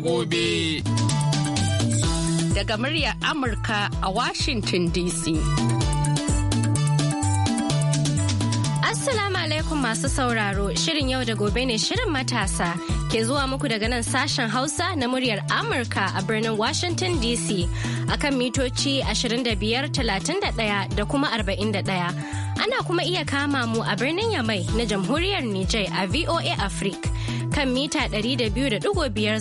gobe. Daga muryar Amurka a Washington DC. Assalamu alaikum masu sauraro, shirin yau da gobe ne shirin matasa ke zuwa muku daga nan sashen Hausa na muryar Amurka a birnin Washington DC a kan mitoci 25, 31 da kuma 41. ana kuma iya kama mu a birnin Yamai na jamhuriyar Nijai a VOA Africa kan mita 200.5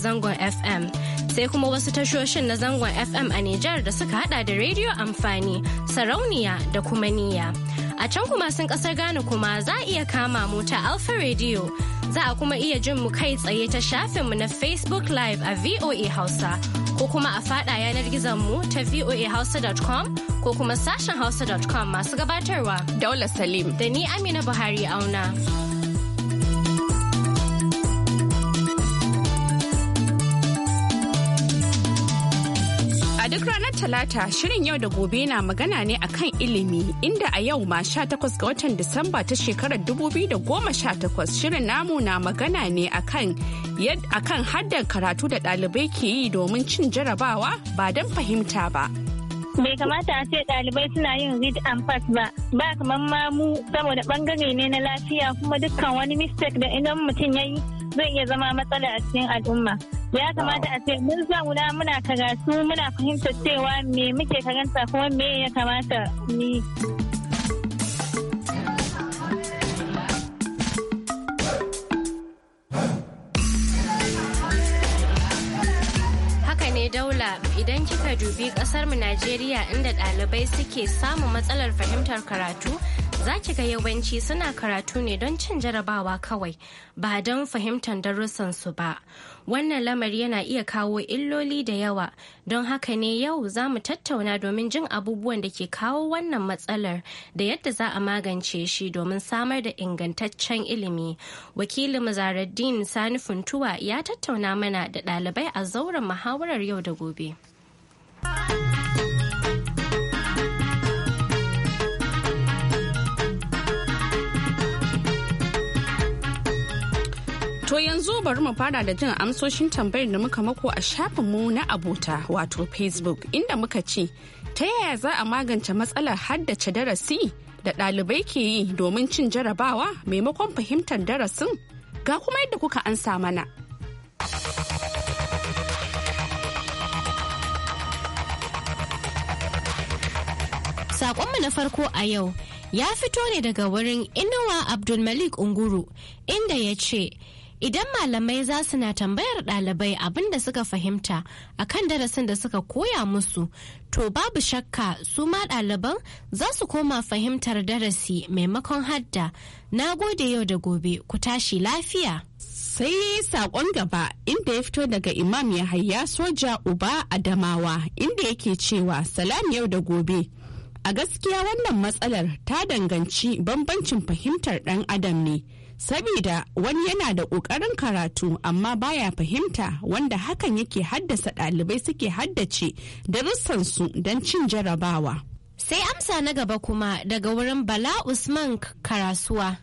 zangon FM. Sai kuma wasu tashoshin na zangon FM a Nijar da suka hada da rediyo amfani, sarauniya da kuma niya A can kuma sun kasar Ghana kuma za a iya kama mu ta Alpha Radio. Za a kuma iya jin mu kai tsaye ta shafinmu na Facebook Live a VOA Hausa. Ko kuma a fada yanar gizon mu ta voahausa.com ko kuma sashen hausa.com masu gabatarwa. Daula Salim. Da ni Amina Buhari auna. talata shirin yau da gobe na magana ne akan ilimi inda a yau ma 18 ga watan Disamba ta shekarar 2018 shirin namu na magana ne akan akan haddar karatu da ɗalibai ke yi domin cin jarabawa ba don fahimta ba. bai kamata a ce ɗalibai suna yin read and pass ba ba kamar mamu saboda bangare ne na lafiya kuma dukkan wani mistake da idan mutum ya yi zai iya zama matsala a cikin al'umma ya kamata a ce mun na muna karatu muna fahimtar cewa me muke karanta kuma me ya kamata ni daula idan kika dubi mu najeriya inda ɗalibai suke samun matsalar fahimtar karatu za ki ga yawanci suna karatu ne don cin jarabawa kawai ba don fahimtar darussan su ba wannan lamari yana iya kawo illoli da yawa don haka ne yau za mu tattauna domin jin abubuwan da ke kawo wannan matsalar da yadda za a magance shi domin samar da ingantaccen ilimi wakilin mazaraddin sani funtuwa ya tattauna mana da ɗalibai a zauren muhawarar yau da gobe. To yanzu bari mu fara da jin amsoshin tambayar da muka mako a shafinmu na abota wato Facebook inda muka ce ta yaya za a magance matsalar haddace darasi da ɗalibai ke yi domin cin jarabawa maimakon fahimtar darasin ga kuma yadda kuka ansa mana. Saƙonmu na farko a yau ya fito ne daga wurin Inuwa Abdulmalik Unguru inda ya ce Idan malamai za su na tambayar ɗalibai abin da suka fahimta a kan darasin da suka koya musu, to babu shakka su ma ɗaliban za su koma fahimtar darasi maimakon hadda. Na gode yau da gobe ku tashi lafiya. sai saƙon gaba inda ya fito daga imam yahaya soja uba adamawa inda yake cewa salam yau da gobe a gaskiya wannan matsalar ta danganci bambancin fahimtar ɗan adam ne saboda wani yana da ƙoƙarin karatu amma baya fahimta wanda hakan yake haddasa ɗalibai suke haddace darussansu don cin jarabawa. Sai amsa na gaba kuma daga wurin Bala Usman Karasuwa,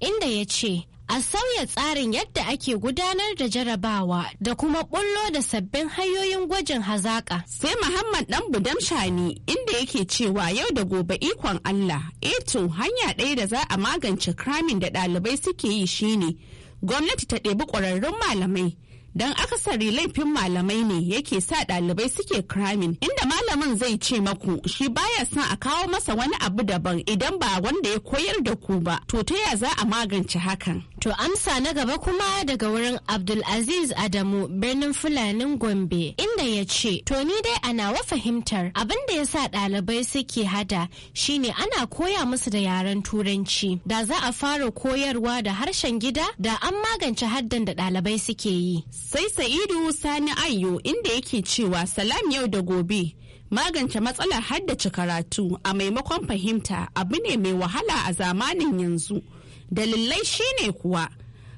inda ya ce, a sauya tsarin yadda ake gudanar da jarabawa da kuma bullo da sabbin hanyoyin gwajin hazaka. Sai Muhammad dan Budam Shani inda yake cewa yau da gobe ikon Allah, eto eh hanya ɗaya da za a magance kramin da ɗalibai suke yi shine gwamnati ta ɗebi ƙwararrun malamai. Don akasari laifin malamai ne yake sa ɗalibai suke kramin inda malamin zai ce maku shi baya son a kawo masa wani abu daban idan ba wanda ya koyar da ku ba to ta ya za a magance hakan. To amsa na gaba kuma daga wurin Abdulaziz Adamu birnin Fulanin Gombe inda ya ce, To ni dai ana wa fahimtar abin da ya sa ɗalibai suke hada shine ana koya musu da yaren turanci. Da za a fara koyarwa da harshen gida da an magance haddan da ɗalibai suke yi. Sai Sa'idu Sani Ayyo inda yake cewa salam yau da gobe. magance matsalar haddace karatu a maimakon fahimta abu ne mai wahala a zamanin yanzu dalilai shine kuwa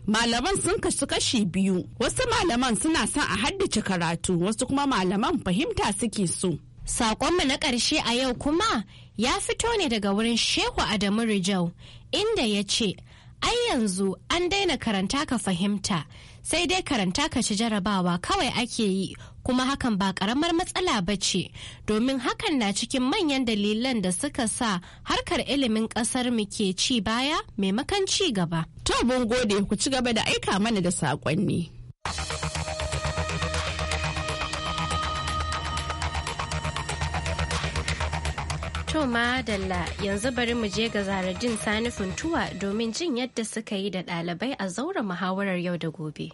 malaman sun kasu kashi biyu wasu malaman suna son a haddace karatu wasu kuma malaman fahimta suke so Sakonmu na ƙarshe a yau kuma ya fito ne daga wurin Shehu Adamu Rijau inda ya ce, Ai yanzu an daina karanta ka fahimta, sai dai karanta ka ci jarabawa kawai ake yi kuma hakan ba karamar matsala ba ce domin hakan na cikin manyan dalilan da suka sa harkar ilimin kasar mu ke ci baya maimakon ci gaba. To mun gode ku ci gaba da aika mana da saƙonni. To madalla yanzu bari mu je ga zaradin sani funtuwa domin jin yadda suka yi da ɗalibai a zaura muhawarar yau da gobe.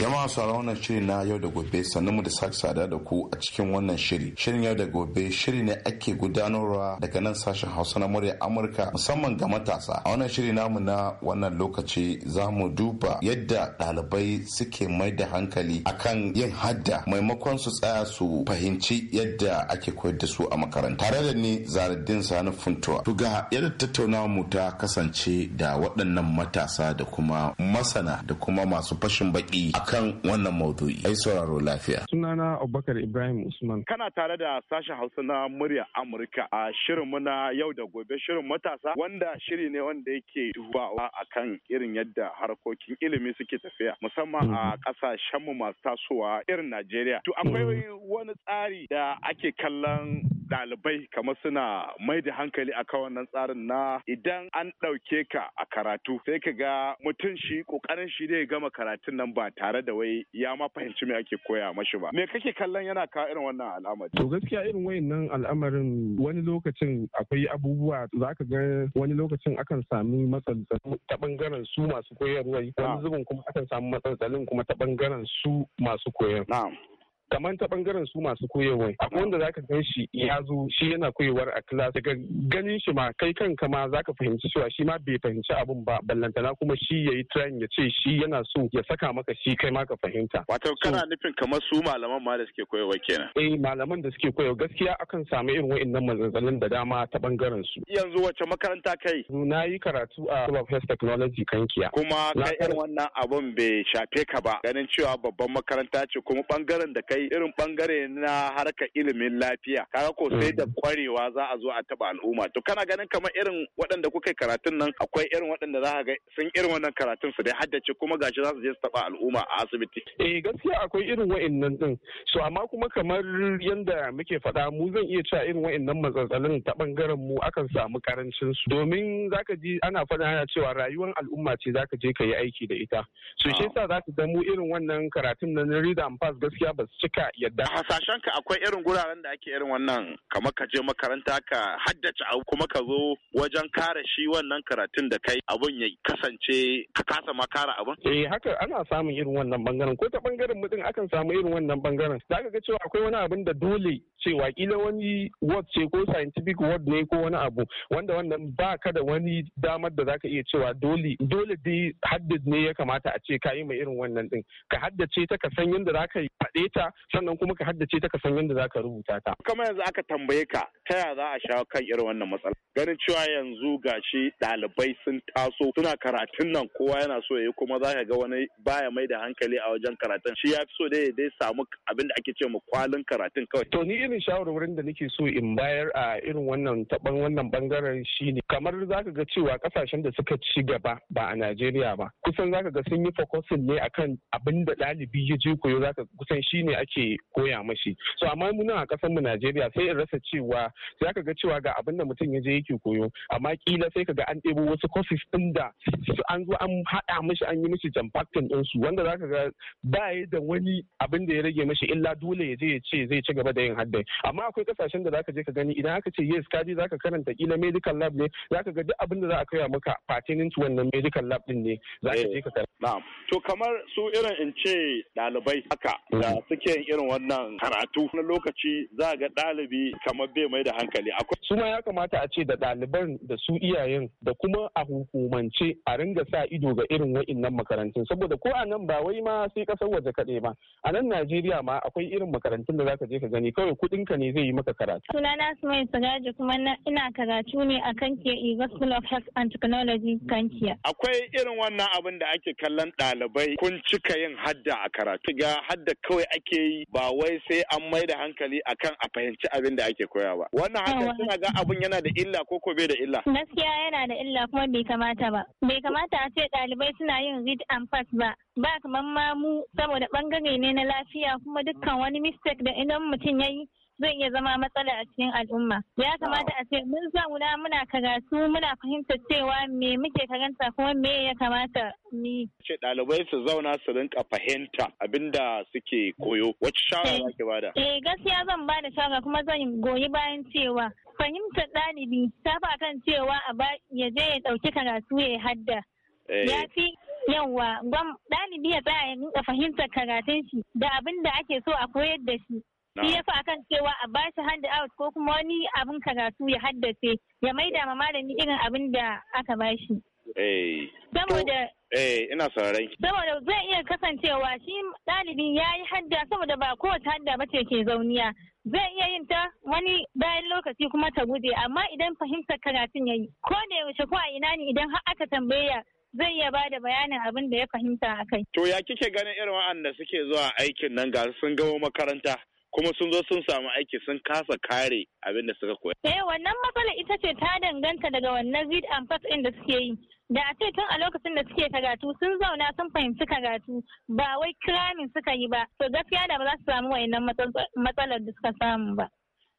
jama'a su wannan shiri na yau da gobe sannan mu da sake sada da ku a cikin wannan shiri shirin yau da gobe shiri ne ake gudanarwa daga nan sashen hausa na murya amurka musamman ga matasa a wannan shiri namu na wannan lokaci za mu duba yadda ɗalibai suke mai da hankali akan yin hadda maimakon su tsaya su fahimci yadda ake koyar da su a makaranta tare da ni zaradin sani funtuwa tuga yadda tattaunawa mu ta kasance da waɗannan matasa da kuma masana da kuma masu fashin baki kan wannan maudu'i. Ai sauraro lafiya. Sunana Abubakar Ibrahim Usman. Kana tare da sashen Hausa na murya Amurka a shirin na yau da gobe shirin matasa wanda shiri ne wanda yake dubawa kan irin yadda harkokin ilimi suke tafiya musamman a kasashenmu masu tasowa irin Najeriya. To akwai wani tsari da ake kallon Dalibai kamar suna mai da hankali a kan wannan tsarin na idan an ɗauke ka a karatu sai ka ga mutum shi ƙoƙarin shi zai gama karatun nan ba tare da wai ya ma fahimci me ake koya mashi ba me kake kallon yana kawo irin wannan al'amari to gaskiya irin wayannan al'amarin wani lokacin akwai abubuwa za ka ga wani lokacin akan sami matsaltsalu ta bangaren su masu koyarwa wani zubin kuma akan sami matsaltsalin kuma ta bangaren su masu koyarwa. kamar ta bangaren su masu koyarwa akwai wanda zaka gan shi ya zo shi yana koyewar a class daga ganin shi ma kai kan ma zaka fahimci cewa shi ma bai fahimci abun ba ballantana kuma shi yayi trying ya ce shi yana so ya saka maka shi kai ma ka fahimta wato kana nufin kamar su malaman ma da suke koyarwa kenan eh malaman da suke koyarwa gaskiya akan samu irin wa'annan matsatsalin da dama ta bangaren su yanzu wace makaranta kai na yi karatu a School of Health Technology Kankiya kuma kai irin wannan abun bai shafe ka ba ganin cewa babban makaranta ce kuma bangaren da kai sai irin bangare na harkar ilimin lafiya kaga ko sai da mm. kwarewa za a zo a taba al'umma to kana ganin kamar irin waɗanda kuka karatun nan akwai irin waɗanda za ga sun irin wannan karatun su dai haddace kuma gashi za su je su taba al'umma a asibiti eh gaskiya akwai irin wa'annan din so amma kuma kamar yanda muke faɗa mu zan iya cewa irin wa'annan matsatsalin ta bangaren mu akan samu karancin su domin zaka ji ana faɗa ana cewa rayuwar al'umma ce zaka je ka yi aiki da ita so shi yasa zaka ga mu irin wannan karatun nan read and pass gaskiya ba su suka yadda. Hasashen ka akwai irin guraren da ake irin wannan kamar ka je makaranta ka haddace abu kuma ka zo wajen kare shi wannan karatun da kai abun ya kasance ka kasa ma kare abun. Eh haka ana samun irin wannan bangaren ko ta bangaren mutum akan samu irin wannan bangaren. Za ka ga cewa akwai wani abin da dole cewa kila wani word ce ko scientific word ne ko wani abu wanda wannan ba ka da wani damar da zaka iya cewa dole dole dai haddace ne ya kamata a ce ka yi mai irin wannan din ka haddace ta ka san yadda zaka yi faɗe ta sannan kuma ka haddace ta ka san yadda za ka rubuta ta. Kamar yanzu aka tambaye ka ta yaya za a shawo kan irin wannan matsala. ganin cewa yanzu gashi ɗalibai sun taso suna karatun nan kowa yana so ya yi kuma za ka ga wani baya mai da hankali a wajen karatun shi ya fi so dai dai samu abin da ake ce mu kwalin karatun kawai. To ni irin shawarwarin da nake so in bayar a irin wannan taɓan wannan bangaren shine kamar za ka ga cewa kasashen da suka ci gaba ba a Najeriya ba kusan za ka ga sun yi fokosin ne akan abin da ɗalibi ya je koyo ka kusan shine ake koya mashi. So amma muna a kasar mu Najeriya sai in rasa cewa za ka ga cewa ga abin da mutum ya je yake koyo amma kila sai kaga an ɗebo wasu courses ɗin da an zo an haɗa mishi an yi mishi jamfaktin ɗin su wanda zaka ga ba ya da wani abin da ya rage mishi illa dole ya je ya ce zai ci gaba da yin haddai amma akwai kasashen da zaka je ka gani idan aka ce yes ka je zaka karanta kila medical lab ne zaka ga duk abin da za a kai maka pertaining to wannan medical lab ɗin ne za ka je ka karanta eh, to kamar su irin in ce ɗalibai haka da mm-hmm. suke irin wannan karatu na lokaci za ga ɗalibi kamar bai mai da hankali akwai su ma ya kamata a ce da ɗaliban da su iyayen da kuma a hukumance a ringa sa ido ga irin wa'innan makarantun saboda ko a nan ba wai ma sai kasar waje kaɗai ba a nan najeriya ma akwai irin makarantun da zaka je ka gani kawai kuɗin ka ne zai yi maka karatu sunana sumai sagaji kuma ina karatu ne a kankiya iga school of health and technology kankiya akwai irin wannan abin da ake kallon ɗalibai kun cika yin hadda a karatu ga hadda kawai ake yi ba wai sai an mai da hankali akan a fahimci abin da ake koyawa wannan hadda suna ga abin yana da illa illa ko ko bai da illa? Gaskiya yana da illa kuma bai kamata ba. Bai kamata a ce ɗalibai suna yin read and pass ba. Ba kamar mamu saboda ɓangare ne na lafiya kuma dukkan wani mistake da idan mutum ya yi zai iya zama matsala a cikin al'umma ya kamata a ce mun zauna muna karatu muna fahimtar cewa me muke karanta kuma me ya kamata ni ce ɗalibai su zauna su rinka fahimta abinda suke koyo wacce shawara eh, ke bada eh gaskiya zan bada shawara kuma zan goyi bayan cewa fahimtar ɗalibi ta fa kan cewa a ya je ya ɗauki karatu ya hadda eh. ya fi yawa ɗalibi ya tsaya ya rinka fahimtar karatun shi da abin da ake so a koyar da shi Shi ya fi akan cewa a ba shi hand out ko kuma wani abin karatu ya haddace ya maida ma malami irin abin da aka ba shi. Eh. Saboda Eh, ina ki. Saboda zai iya kasancewa shi ɗalibin ya yi hadda saboda ba kowace hadda ba ce ke zauniya. Zai iya yin ta wani bayan lokaci kuma ta gude, amma idan fahimtar karatun ya yi, ko da yaushe ko a ina ne idan har aka tambaya zai iya ba da bayanin abin da ya fahimta a kai. To ya kike ganin irin wa'anda suke zuwa aikin nan ga sun gawo makaranta? kuma sun zo sun samu aiki sun kasa kare abin da suka koya. Eh wannan matsala ita ce ta danganta daga wannan zid and pass ɗin da suke yi. Da a ce tun a lokacin da suke karatu sun zauna sun fahimci karatu ba wai kiramin suka yi ba. To gaskiya da ba za su samu wayannan matsalar da suka samu ba.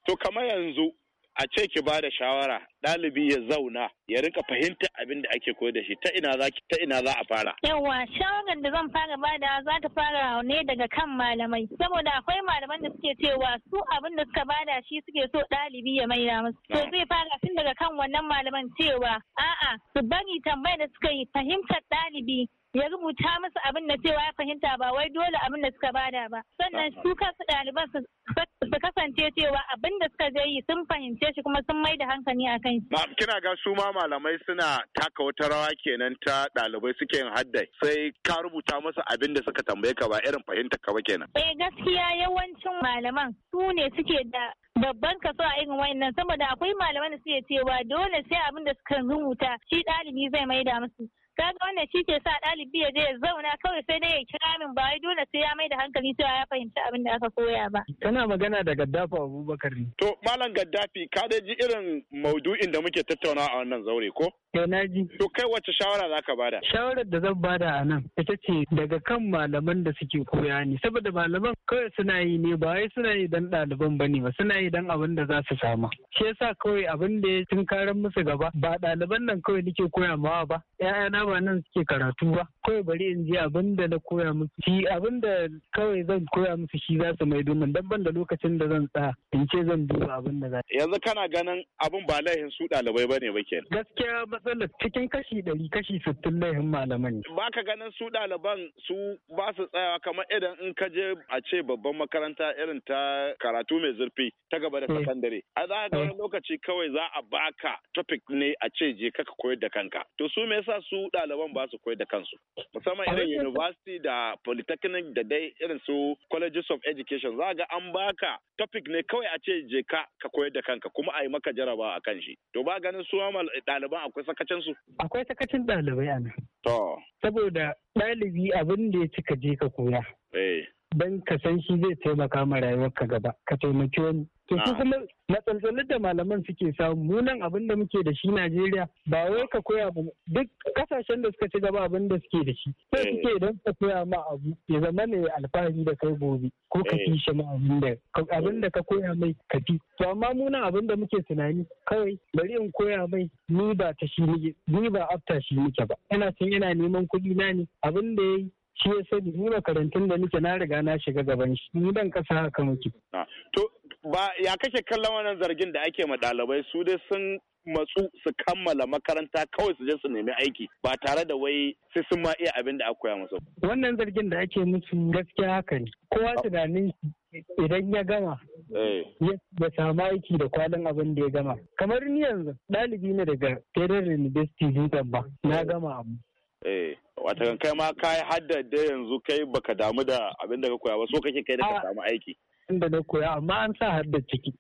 To kamar yanzu a ce ki ba da shawara ɗalibi ya zauna ya rika fahimta abin da ake koyar da shi ta ina za ta ina za a fara. Yawa shawaran da zan fara bada za ta fara ne daga kan malamai saboda akwai malaman da suke cewa su abin da suka bada shi suke so ɗalibi ya maida musu. To zai fara tun daga kan wannan malaman cewa a'a su bari tambayar da suka yi fahimtar ɗalibi ya rubuta musu abin da cewa ya fahimta ba wai dole abin da suka bada ba sannan su kansu ɗaliban su kasance cewa abin da suka je yi sun fahimce shi kuma sun mai da hankali a shi. kina ga su ma malamai suna taka wata rawa kenan ta ɗalibai suke yin haddai sai ka rubuta musu abin da suka tambaye ka ba irin fahimta ka ba kenan eh gaskiya yawancin malaman su ne suke da babban kaso a irin wayannan saboda akwai malaman da suke cewa dole sai abin da suka rubuta shi ɗalibi zai maida musu kaga wannan shi ke sa ɗalibi ya je ya zauna kawai sai dai ya kira min ba wai dole sai ya mai da hankali cewa ya fahimci abin da aka koya ba. Kana magana da Gaddafi Abubakar ne. To Malam Gaddafi ka dai ji irin maudu'in da muke tattauna a wannan zaure ko? Eh na ji. To kai wacce shawara za ka bada? Shawarar da zan bada a nan ita ce daga kan malaman da suke koya ne saboda malaman kawai suna yi ne ba wai suna yi dan ɗaliban ba ne ba suna yi dan abin da za su samu. Shi yasa kawai abin da ya tunkarar musu gaba ba ɗaliban nan kawai nake koya mawa ba 'ya'yana ba nan suke karatu ba kawai bari in ji abin da na koya musu shi abin da kawai zan koya musu shi za su mai domin dan da lokacin da zan tsaya in ce zan duba abin da za yanzu kana ganin abin ba laihin su ɗalibai ba ne ba ke gaskiya matsalar cikin kashi ɗari kashi sittin laihin malaman ba ka ganin su ɗaliban su ba su tsayawa kamar idan in ka je a ce babban makaranta irin ta karatu mai zurfi ta gaba da eh. sakandare a za ga eh. lokaci kawai za a baka topic ne a ce je ka koyar da kanka to su me yasa su ɗaliban ba su koyar da kansu musamman irin university da polytechnic da dai irin su colleges of education za ga an baka topic ne kawai a ce je ka ka koyar da kanka kuma a yi maka jarabawa a kan shi to ba ganin su ɗaliban akwai sakacin su akwai sakacin ɗalibai a to saboda ɗalibi abin da ya cika je ka koya eh. don ka san shi zai taimaka ma rayuwarka gaba ka taimaki wani to su kuma matsaltsalin da malaman suke samu munan abin da muke da shi Najeriya ba wai ka koya ba duk kasashen da suka ci gaba abin da suke da shi sai eh. suke don ka koya ma abu ya zama ne alfahari da kai gobe ko ka fi eh. shi ma abin da abin da ka koya mai ka fi to amma munan abin da muke tunani kawai bari in koya mai ni ba ta shi ni ba afta shi nike ba ina san yana neman kuɗi na ne abin da yayi shi ya sani ni makarantun da nake na riga na shiga gaban shi ni dan kasa haka muke ah, to ba ya kashe kallon wannan zargin da ake ma dalibai su dai sun matsu su kammala makaranta kawai su je su nemi aiki ba tare da wai sai sun ma iya abin da aka koya musu. Wannan zargin da ake musu gaskiya haka ne. Kowa ah. tunanin idan ya gama eh. ya samu aiki da kwalin abin da ya gama. Kamar ni yanzu ɗalibi ne daga Federal University ba na eh. gama abu. wata eh, wata mm. kai ma ka da yanzu kai baka damu da abin da ka koya ba so kake kai da ka ah. samu aiki. Inda na koya amma an sa haddar ciki.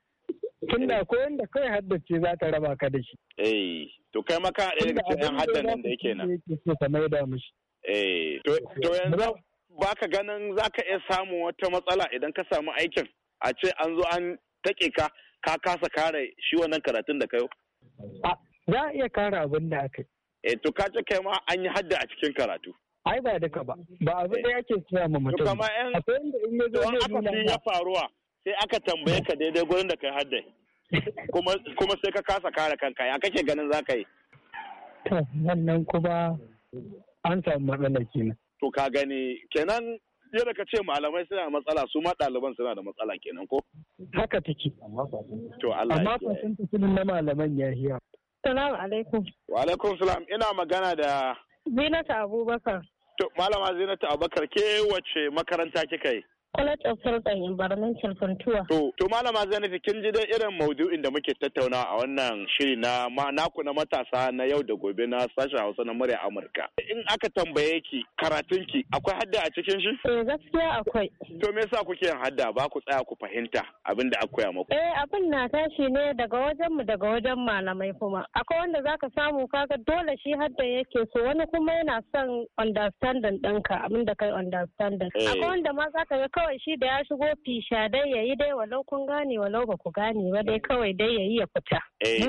Tun da eh. koyon da kai haddace za ta raba ka da shi. Eh, to kai ma ka haɗe daga cikin haddar nan da yake nan. Eh, to yanzu baka ganin za ka iya samun wata matsala idan ka samu aikin a ce an zo an take ka ka kasa kare shi wannan karatun da A, Za a iya kare abin da aka yi. eh to ka ce kai ma an yi hadda a cikin karatu ai ba duka ba ba abu da yake tsaya ma mutum to kamar yan akwai inda in aka fi ya faruwa sai aka tambaye ka daidai gurin da kai hadda kuma kuma sai ka kasa kare kanka ya kake ganin za ka yi to wannan kuma an samu matsala kenan to ka gani kenan yadda ka ce malamai suna da matsala su ma ɗaliban suna da matsala kenan ko haka take to Allah amma sunan na malaman ya hiya Salamu alaikum. Wa alaikum salam ina magana da. Zinata Abubakar. To Malama Zinata Abubakar ke wace makaranta kika yi? College of Health and Environmental Funtua. To, to malama Zainab kin ji dai irin maudu'in da muke tattauna a wannan shiri na naku na matasa na yau da gobe na sashen Hausa na murya Amurka. In aka tambaye ki karatun ki akwai hadda a cikin shi? Eh gaskiya akwai. To me yasa kuke yin hadda ba ku tsaya ku fahimta abin da aka koya muku? Eh abin na tashi ne daga wajen mu daga wajen malamai kuma. Akwai wanda zaka samu kaga dole shi hadda yake so wani kuma yana son understanding ɗinka abin da kai understanding. Eh. Akwai wanda ma zaka ga kawai shi da ya shigo fisha dai ya yi dai walau kun gane walau ba ku gane ba dai kawai dai ya yi ya fita. Eh,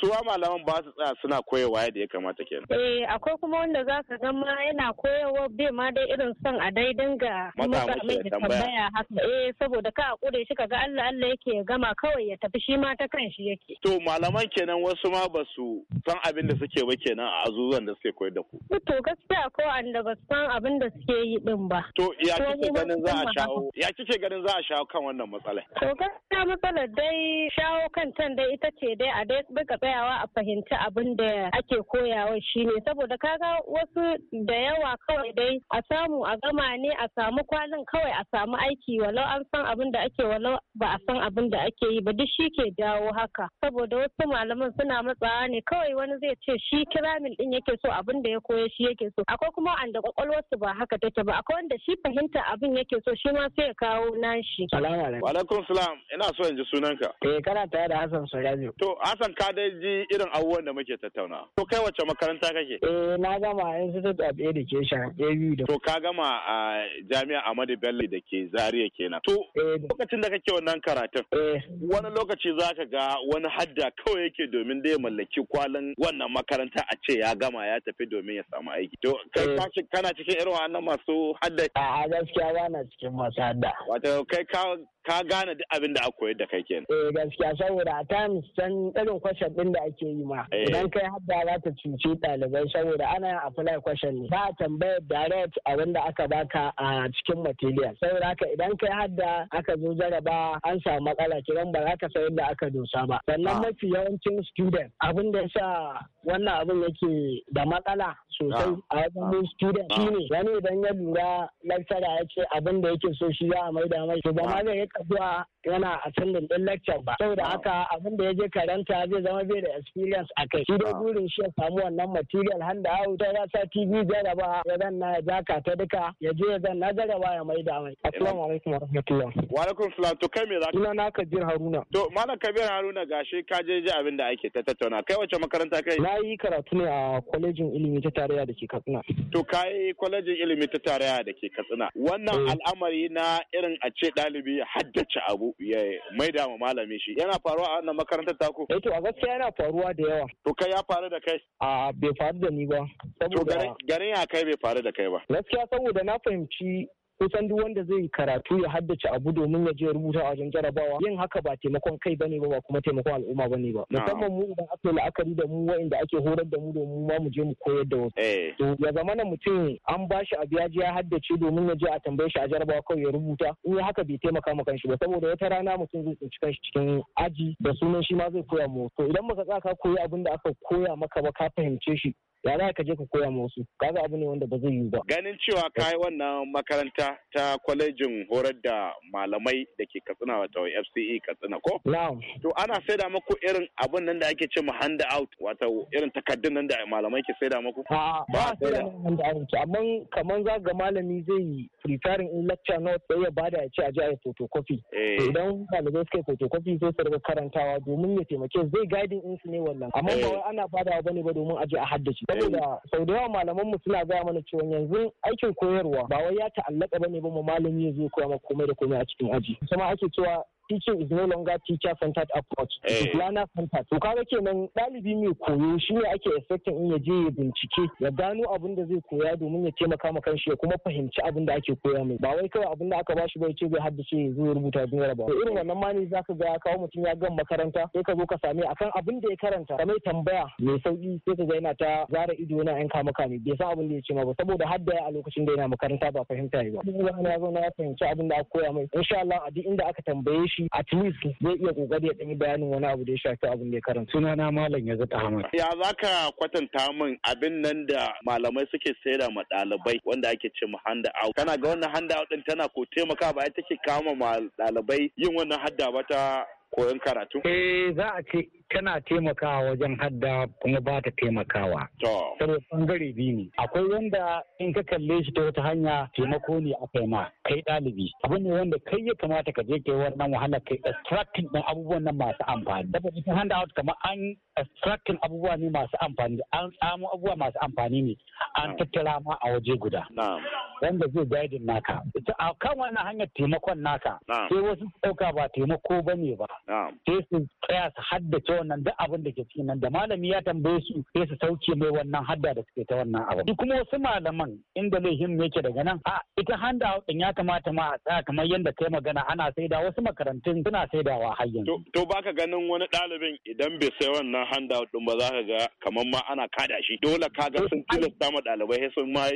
Suwa malaman ba su tsaya suna koyarwa yadda ya kamata kenan. Eh akwai kuma wanda za ka ga ma yana koyarwa bai ma dai irin son a dai dinga maka mai da tambaya haka eh saboda ka a kure shi kaga Allah Allah yake ya gama kawai ya tafi shi ma ta kan shi yake. To malaman kenan wasu ma ba su san abin da suke ba kenan a azuzan da suke koyar da ku. To gaskiya ko anda ba su san abin da suke yi din ba. To iya kike ganin za za a shawo ya kike ganin za a shawo kan wannan matsala to gaskiya matsalar dai shawo kan tan dai ita ce dai a dai buga tsayawa a fahimci abin da ake koyawa shine saboda kaga wasu da yawa kawai dai a samu a gama ne a samu kwalin kawai a samu aiki walau an san abin da ake walau ba a san abin da ake yi ba duk shi ke jawo haka saboda wasu malaman suna matsawa ne kawai wani zai ce shi kiramin din yake so abin da ya koya shi yake so akwai kuma da kwakwalwarsu ba haka take ba akwai wanda shi fahimta abin yake so shi ma sai ya kawo nashi. Salamu alaikum. Alaikum salam ina so in ji sunanka. Eh kana tare da Hassan Surabiu. To Hassan ka dai ji irin abubuwan da muke tattauna. To kai wacce makaranta kake? Eh na gama Institute of Education ABU da. To ka gama a Jami'a Ahmadu Bello da ke Zaria kenan. To eh, lokacin da kake wannan karatun. Eh. Wani lokaci za ka ga wani hadda kawai yake domin da ya mallaki kwalin wannan makaranta a ce ya gama ya tafi domin ya samu aiki. To kai eh. kana cikin irin wannan masu hadda. A gaskiya ba na cikin masu hadda. Wato kai ka ka gane duk abin da aka koyar da kai kenan. Eh gaskiya saboda a times san irin kwashen din da ake yi ma. Eh. Idan kai da za ta cuci ɗalibai saboda ana yin apply kwashen ne. Ba a tambayar direct a wanda aka baka a cikin material. Saboda haka idan kai hada aka zo jaraba an samu matsala kiran ba za ka sayar da aka dosa ba. Sannan ah. mafi yawancin student abin da sa wannan abin yake da matsala sosai ah. a wajen student ah. shine wani idan ya lura lecturer yake abin da yake so shi za a maida mai. To ba ma zai taɓa zuwa yana a tallin ɗin lecture ba saboda ah. haka abin da ya je karanta zai zama bai da experience a kai shi dai gurin ah. shi ya samu wannan material handa hau ta ya sa tv jaraba ya zanna ya jaka ta duka ya je ya zanna jaraba ya mai damai. assalamu alaikum wa rahmatullah wa alaikum salam to kai me za ka na kabir haruna to malam kabir haruna gashi ka je je abin da ake ta tattauna kai wace makaranta kai na yi karatu ne a kwalejin ilimi ta tarayya da ke katsina to ka yi kwalejin ilimi ta tarayya da ke katsina wannan eh. al'amari na irin a ce ɗalibi har haddace abu ya maida ma malami shi yana faruwa a wannan makarantar taku eh to a gaskiya yana faruwa da yawa to kai ya faru da kai a bai faru da ni ba to garin ya kai bai faru da kai ba gaskiya saboda na fahimci kusan duk wanda zai karatu ya haddace abu domin ya je rubuta a wajen jarabawa yin haka ba taimakon kai bane ba kuma taimakon al'umma bane ba musamman mu idan aka la'akari da mu wa'inda ake horar da mu domin ma mu je mu koyar da wasu eh. to ya zama na mutum an ba shi abu ya je ya haddace domin ya je a tambaye shi a jarabawa kawai ya rubuta in ya haka bai taimaka ma kanshi ba saboda wata rana mutum zai tsinci kanshi cikin aji da sunan shi ma zai koya mu to idan muka tsaka koyi abin da aka koya maka ba ka fahimce shi ya za ka je ka koya ma wasu kaga abu ne wanda ba zai yiwu ba ganin cewa ka yi wannan makaranta ta kwalejin horar da malamai da ke katsina wata fce katsina ko na'am to ana saida muku irin abun nan da ake ce ma hand out wata irin takardun nan da malamai ke saida muku a ba saida hand out amma kaman za ga malami zai yi preparing in lecture note sai ya bada ya ce a je a yi photocopy eh. idan ɗalibai suka yi photocopy sai su riga karantawa domin ya taimake zai guiding in su ne wannan amma ba eh. ana bada badawa bane ba domin a je a haddace saboda sau da yawa malaman mu suna gaya mana cewa yanzu aikin koyarwa ba wai ya ta'allaka bane ba mu malami ya zo koya maka komai da komai a cikin aji kuma ake cewa teaching is no longer teacher centered approach it is eh. learner centered to kenan dalibi mai koyo shine ake expecting in ya je ya bincike ya gano abin da zai koya domin ya taimaka ma kanshi ya kuma fahimci abin da ake koya mai ba wai kawai abin da aka bashi ba ce zai haddace ya zo ya rubuta duniya ba irin wannan ma ne zaka ga ya kawo mutum ya gan makaranta sai ka zo ka same akan abin da ya karanta kamar tambaya mai sauki sai ka ga yana ta zara ido yana yan kama kame bai san abin da ya ce ma ba saboda hadda ya a lokacin da yana makaranta ba fahimta ya ba. Ina wani ya na ya fahimci abin da aka koya mai insha Allah a duk inda aka tambaye shi shi at least zai iya kokari ya dan bayanin wani abu da ya shafi abin da ya karanta sunana malam ya zata hama. ya zaka kwatanta min abin nan da malamai suke saida ma ɗalibai wanda ake ce mu handa out kana ga wannan handa out din tana ko taimaka ba take kama ma ɗalibai yin wannan hadda ba ta koyon karatu? Eh za a ce tana taimakawa wajen hadda kuma ba ta taimakawa. Saboda bangare biyu ne. Akwai wanda in ka kalle shi ta wata hanya taimako ne a kai ma kai ɗalibi. Abu ne wanda kai ya kamata ka je kai wannan wahala kai extracting ɗin abubuwan nan masu amfani. Dabba cikin hand out kamar an extracting abubuwa ne masu amfani an samu abubuwa masu amfani ne an tattara ma a waje guda. Wanda zai gaidin naka. A kan wannan hanyar taimakon naka. Sai wasu ɗauka ba taimako ba ne ba. Sai su tsaya su haddace wannan duk abin da ke cikin nan da malami ya tambaye su sai su sauke mai wannan hadda da suke ta wannan abu duk kuma wasu malaman inda laifin yake daga nan a ita handa din ya kamata ma a tsaya kamar yadda kai magana ana saida wasu makarantun suna saidawa har yanzu to baka ganin wani ɗalibin idan bai sai wannan handa din ba za ka ga kamar ma ana kada shi dole kaga sun tilasta ma ɗalibai sai sun ma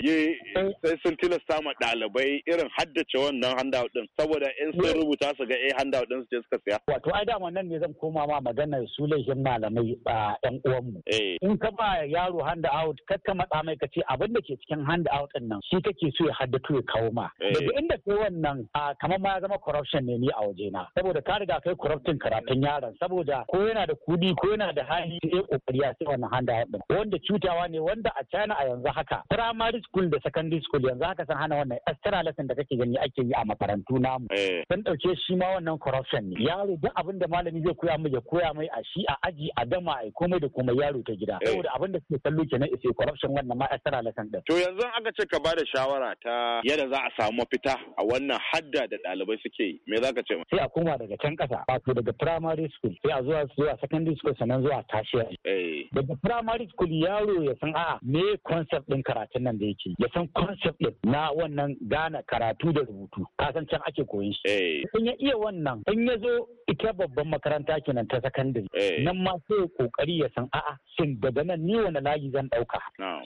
sai sun tilasta ma ɗalibai irin haddace wannan handa din saboda in sun rubuta su ga eh handa din su je suka siya wato ai dama nan ne zan koma ma maganar su laifin malamai a yan uwanmu eh. in ka ba yaro hand out kar ka matsa mai ka ce abin da ke cikin hand out din nan shi kake so ya haddatu ya kawo ma eh. daga inda kai wannan kamar ma ya zama corruption ne ni a waje na saboda ka riga kai corruption karatun yaron saboda ko yana da kudi ko yana da hali yi kokari a sai wannan hand out din wanda cutawa ne wanda a China a yanzu haka primary school da secondary school yanzu haka san hana wannan extra lesson da kake gani ake yi a makarantu namu eh. sun ɗauke shi ma wannan corruption ne yaro duk abin da malami zai koya mai ya koya mai a shi shi a aji a gama a komai da komai yaro ta gida eh. saboda abin da suke kallo kenan ise corruption wannan ma asara la san to yanzu aka ce ka ba da shawara ta yadda za a samu mafita a wannan hadda da ɗalibai suke yi me zaka ce sai a koma daga can ƙasa wato daga primary school sai a zuwa zuwa secondary school sannan zuwa tertiary eh. daga primary school yaro ya san a me concept din karatun nan da yake ya san concept din na wannan gane karatu da rubutu ka san can ake koyin shi eh. in ya iya wannan in ya zo ita babban makaranta kenan ta secondary Eh. nan ma sai kokari ya san a'a shin daga nan ni wani layi zan dauka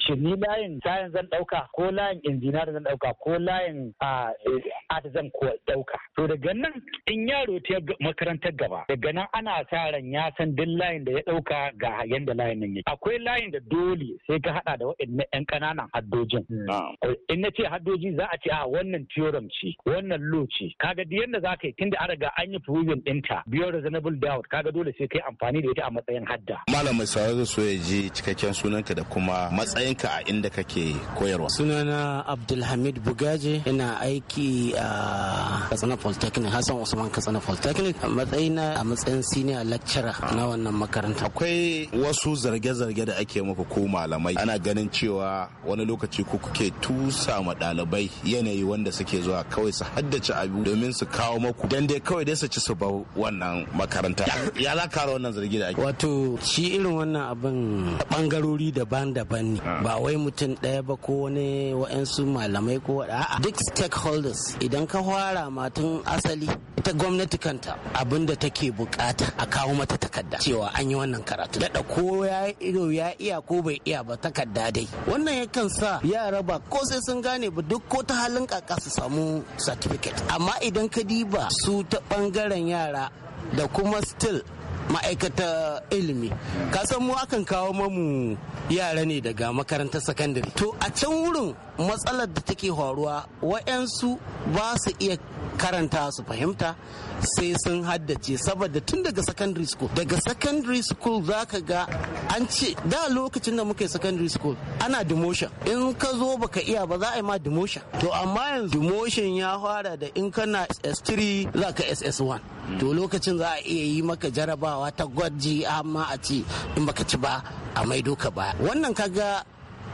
shin ni layin sayan zan dauka ko layin injiniyar zan dauka ko layin a zan ko dauka to daga nan in yaro ta makarantar gaba daga nan ana sa ran ya san duk layin da ya dauka ga yanda layin nan yake akwai layin da dole sai ka hada da waɗannan yan kananan haddojin eh, in na ce haddoji za a ce a wannan theorem ce wannan law ce kaga duk yanda za ka yi tunda an riga an yi provision ɗinta biyo reasonable doubt kaga dole sai kai amfani amfani da ita a matsayin hadda. Malam mai sauraro so ya ji cikakken sunanka da kuma matsayinka a inda kake koyarwa. Sunana Abdulhamid Bugaje ina aiki a Katsina Polytechnic Hassan Usman Katsina Polytechnic a matsayina a matsayin senior lecturer na wannan makaranta. Akwai wasu zarge-zarge da ake muku ko malamai ana ganin cewa wani lokaci ku kuke tusa ma ɗalibai yanayi wanda suke zuwa kawai su haddace abu domin su kawo maku dan dai kawai dai su ci su ba wannan makaranta. Ya za ka wannan zarge wato shi irin wannan abin bangarori daban-daban ne ah. ba wai mutum ɗaya ba ko wani wa'ansu malamai ko a'a duk stakeholders idan ka fara matun asali ita gwamnati kanta abin da take bukata a kawo mata takarda cewa an yi wannan karatu da ko ya ya iya ko bai iya ba takarda dai wannan yakan sa yara ba ko sai sun gane ba duk ko ta halin kaka su samu certificate amma idan ka diba su ta bangaren yara da kuma still ma'aikata ilimi kasan mu akan kawo mamu yara ne daga makarantar sakandare to a can wurin matsalar da take faruwa wa'yansu ba su iya karanta su fahimta sai sun haddace saboda tun daga secondary school daga secondary school za ka ga an ce da lokacin da muka yi secondary school ana demotion in ka zo baka iya ba za a yi ma demotion to amma yanzu demotion ya fara da in kana s3 za ka ss1 to lokacin za a iya yi maka jarabawa ta gwaji amma a ce in baka ci ba a maido ka ba wannan kaga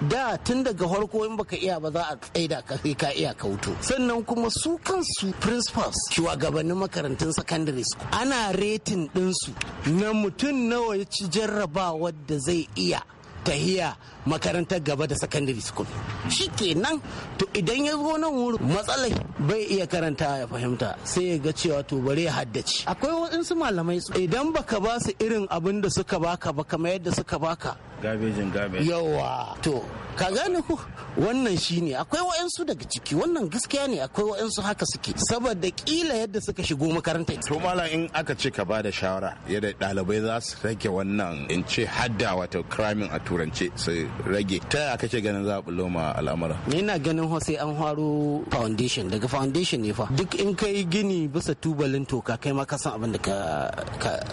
da tun daga farko in baka iya ba za a tsaida ka sai ka iya wuto sannan kuma su kansu principals shugabannin makarantun secondary school ana rating ɗinsu na mutum nawa ya ci jarrabawa da zai iya tahiya makarantar gaba da secondary school shi kenan to idan ya zo nan wuri matsalai bai iya karanta ya fahimta sai ya ga cewa to bare ya haddace akwai waɗansu malamai su? idan baka ba su irin abin da suka baka ba kamar yadda suka baka gabejin gabeji yawa to ka gane ku wannan shine akwai waɗansu daga ciki wannan gaskiya ne akwai waɗansu haka suke saboda kila yadda suka shigo makarantar to malam in aka ce ka bada shawara yadda ɗalibai za su rage wannan in ce hadda wato kramin a turance sai. rage ta yaya kake ganin za a ma al'amura ni ina ganin ho sai an haro foundation daga foundation ne fa duk in kai gini bisa tubalin toka kai ma ka san abin da ka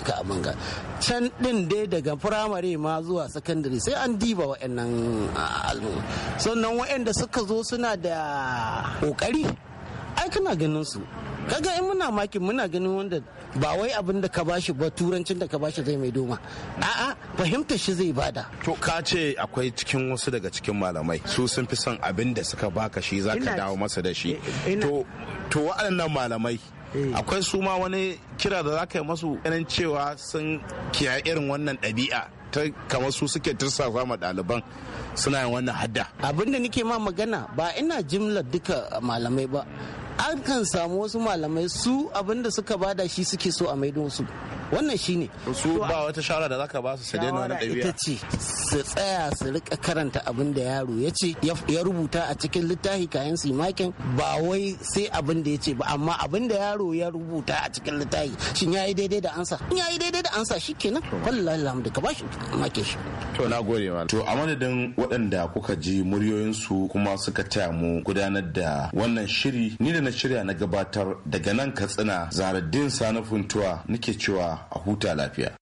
ka abin ga can din dai daga firamare ma zuwa secondary sai an diba wa'annan al'umma sannan wa'anda suka zo suna da kokari ai kana ganin su kaga in muna makin muna ganin wanda ba wai abin da ka bashi ba turancin da ka bashi zai mai doma a'a fahimtar shi zai bada to ka ce akwai cikin wasu daga cikin malamai su sun fi son abin da suka baka shi za ka dawo masa da shi eh, to to waɗannan malamai eh. akwai su ma wani kira da za ka yi masu ganin cewa sun kiyaye irin wannan ɗabi'a makarantar kamar su suke tirsasa ma ɗaliban suna yin wannan hadda abin da nike ma magana ba ina jimla duka malamai ba an kan samu wasu malamai su abin da suka bada shi suke so a maido su wannan shi ne. su ba wata shawara da zaka ba su su daina wani ɗabi'a ita ce su tsaya su rika karanta abin da yaro ya ce ya rubuta a cikin littafi kayan su makin ba wai sai abin da ya ce ba amma abin da yaro ya rubuta a cikin littafi shin yayi daidai da ansa in yayi daidai da ansa shikenan wallahi alhamdu ka bashi make shi to na gode ma to a madadin waɗanda kuka ji muryoyin su kuma suka taya mu gudanar da wannan shiri ni da na shirya na gabatar daga nan katsina zaradin sanufin tuwa nake cewa a huta lafiya.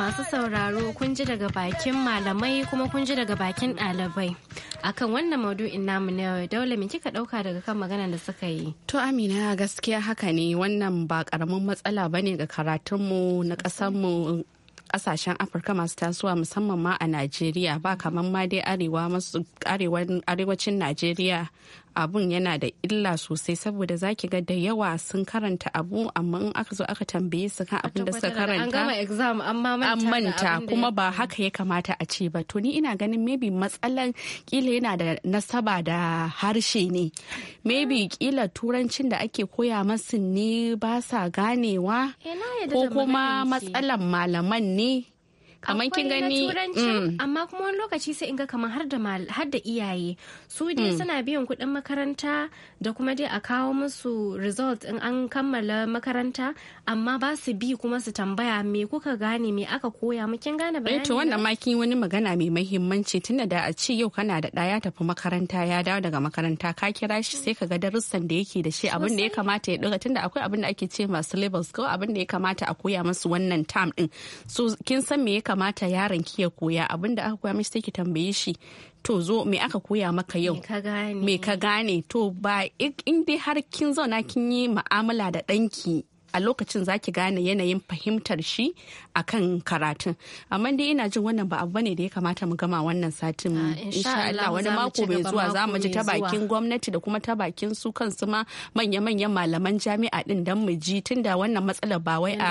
masu sauraro kun ji daga bakin malamai kuma kun ji daga bakin ɗalibai akan wannan maudu'in namu na yau daula me kika ɗauka daga kan magana da suka yi to amina gaskiya haka ne wannan ba karamin matsala bane ga karatunmu na ƙasarmu kasashen afirka masu tasowa musamman ma a najeriya ba kamar ma dai arewa arewacin najeriya abun yana da illa sosai saboda zaki ga da yawa sun karanta abu amma in aka zo aka tambaye su kan abin da suka karanta an manta kuma ba haka ya kamata a ce ba to ni ina ganin maybe matsalan kila yana da nasaba da harshe ne maybe ah. kila turancin da ake koya masu ne ba sa ganewa eh, ko kuma matsalan malaman ne kamar kin gani mm. amma kuma wani lokaci sai in ga kamar har da har da iyaye su dai mm. suna biyan kuɗin makaranta da kuma dai a kawo musu result in an kammala makaranta amma ba su bi kuma su tambaya me kuka gane me aka koya mu kin gane bayani eh, to wannan ma kin wani magana mai muhimmanci tunda da a ce yau kana da ɗaya tafi makaranta ya dawo daga makaranta ka kira shi sai ka ga darussan da yake da shi abin da ya kamata ya dora tunda akwai abin da ake ce masu levels ko abin da ya kamata a koya musu wannan term din so kin san me ya kamata yaron ki ya koya abin da aka koya mishi sai ki tambaye shi to zo me aka koya maka yau me ka gane to ba in dai har kin zauna kin yi ma'amala da danki a lokacin za ki gane yanayin fahimtar shi kan karatun amma dai ina jin wannan ba abu bane da ya kamata mu gama wannan satin ah, insha wani mako mai zuwa za mu ji ta bakin gwamnati da kuma ta bakin su kansu ma manya-manyan malaman jami'a din dan mu ji tunda wannan matsalar ba wai a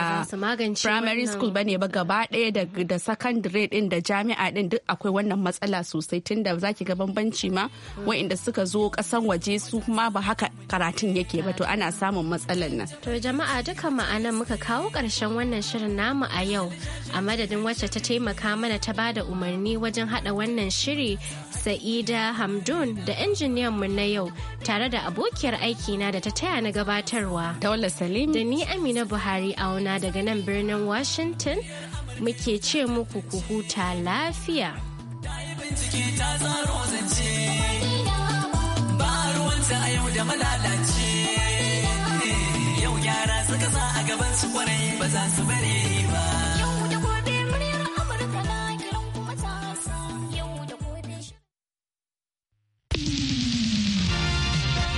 primary school bane ba gaba ɗaya da secondary din da jami'a din duk akwai wannan matsala sosai tunda za ki ga bambanci ma wa'inda suka zo kasan waje su kuma ba haka karatun yake ba to ana samun matsalar nan to jama'a duka ma'anan muka kawo ƙarshen wannan shirin namu a yau yau a madadin wacce ta taimaka mana ta ba da umarni wajen hada wannan shiri sa'ida hamdun da injiniyan mu na yau tare da abokiyar aiki na da ta taya na gabatarwa daula salim da ni amina buhari auna daga nan birnin washington muke ce muku ku huta lafiya yau yau gyara suka sa a gaban su kwarai ba za su bari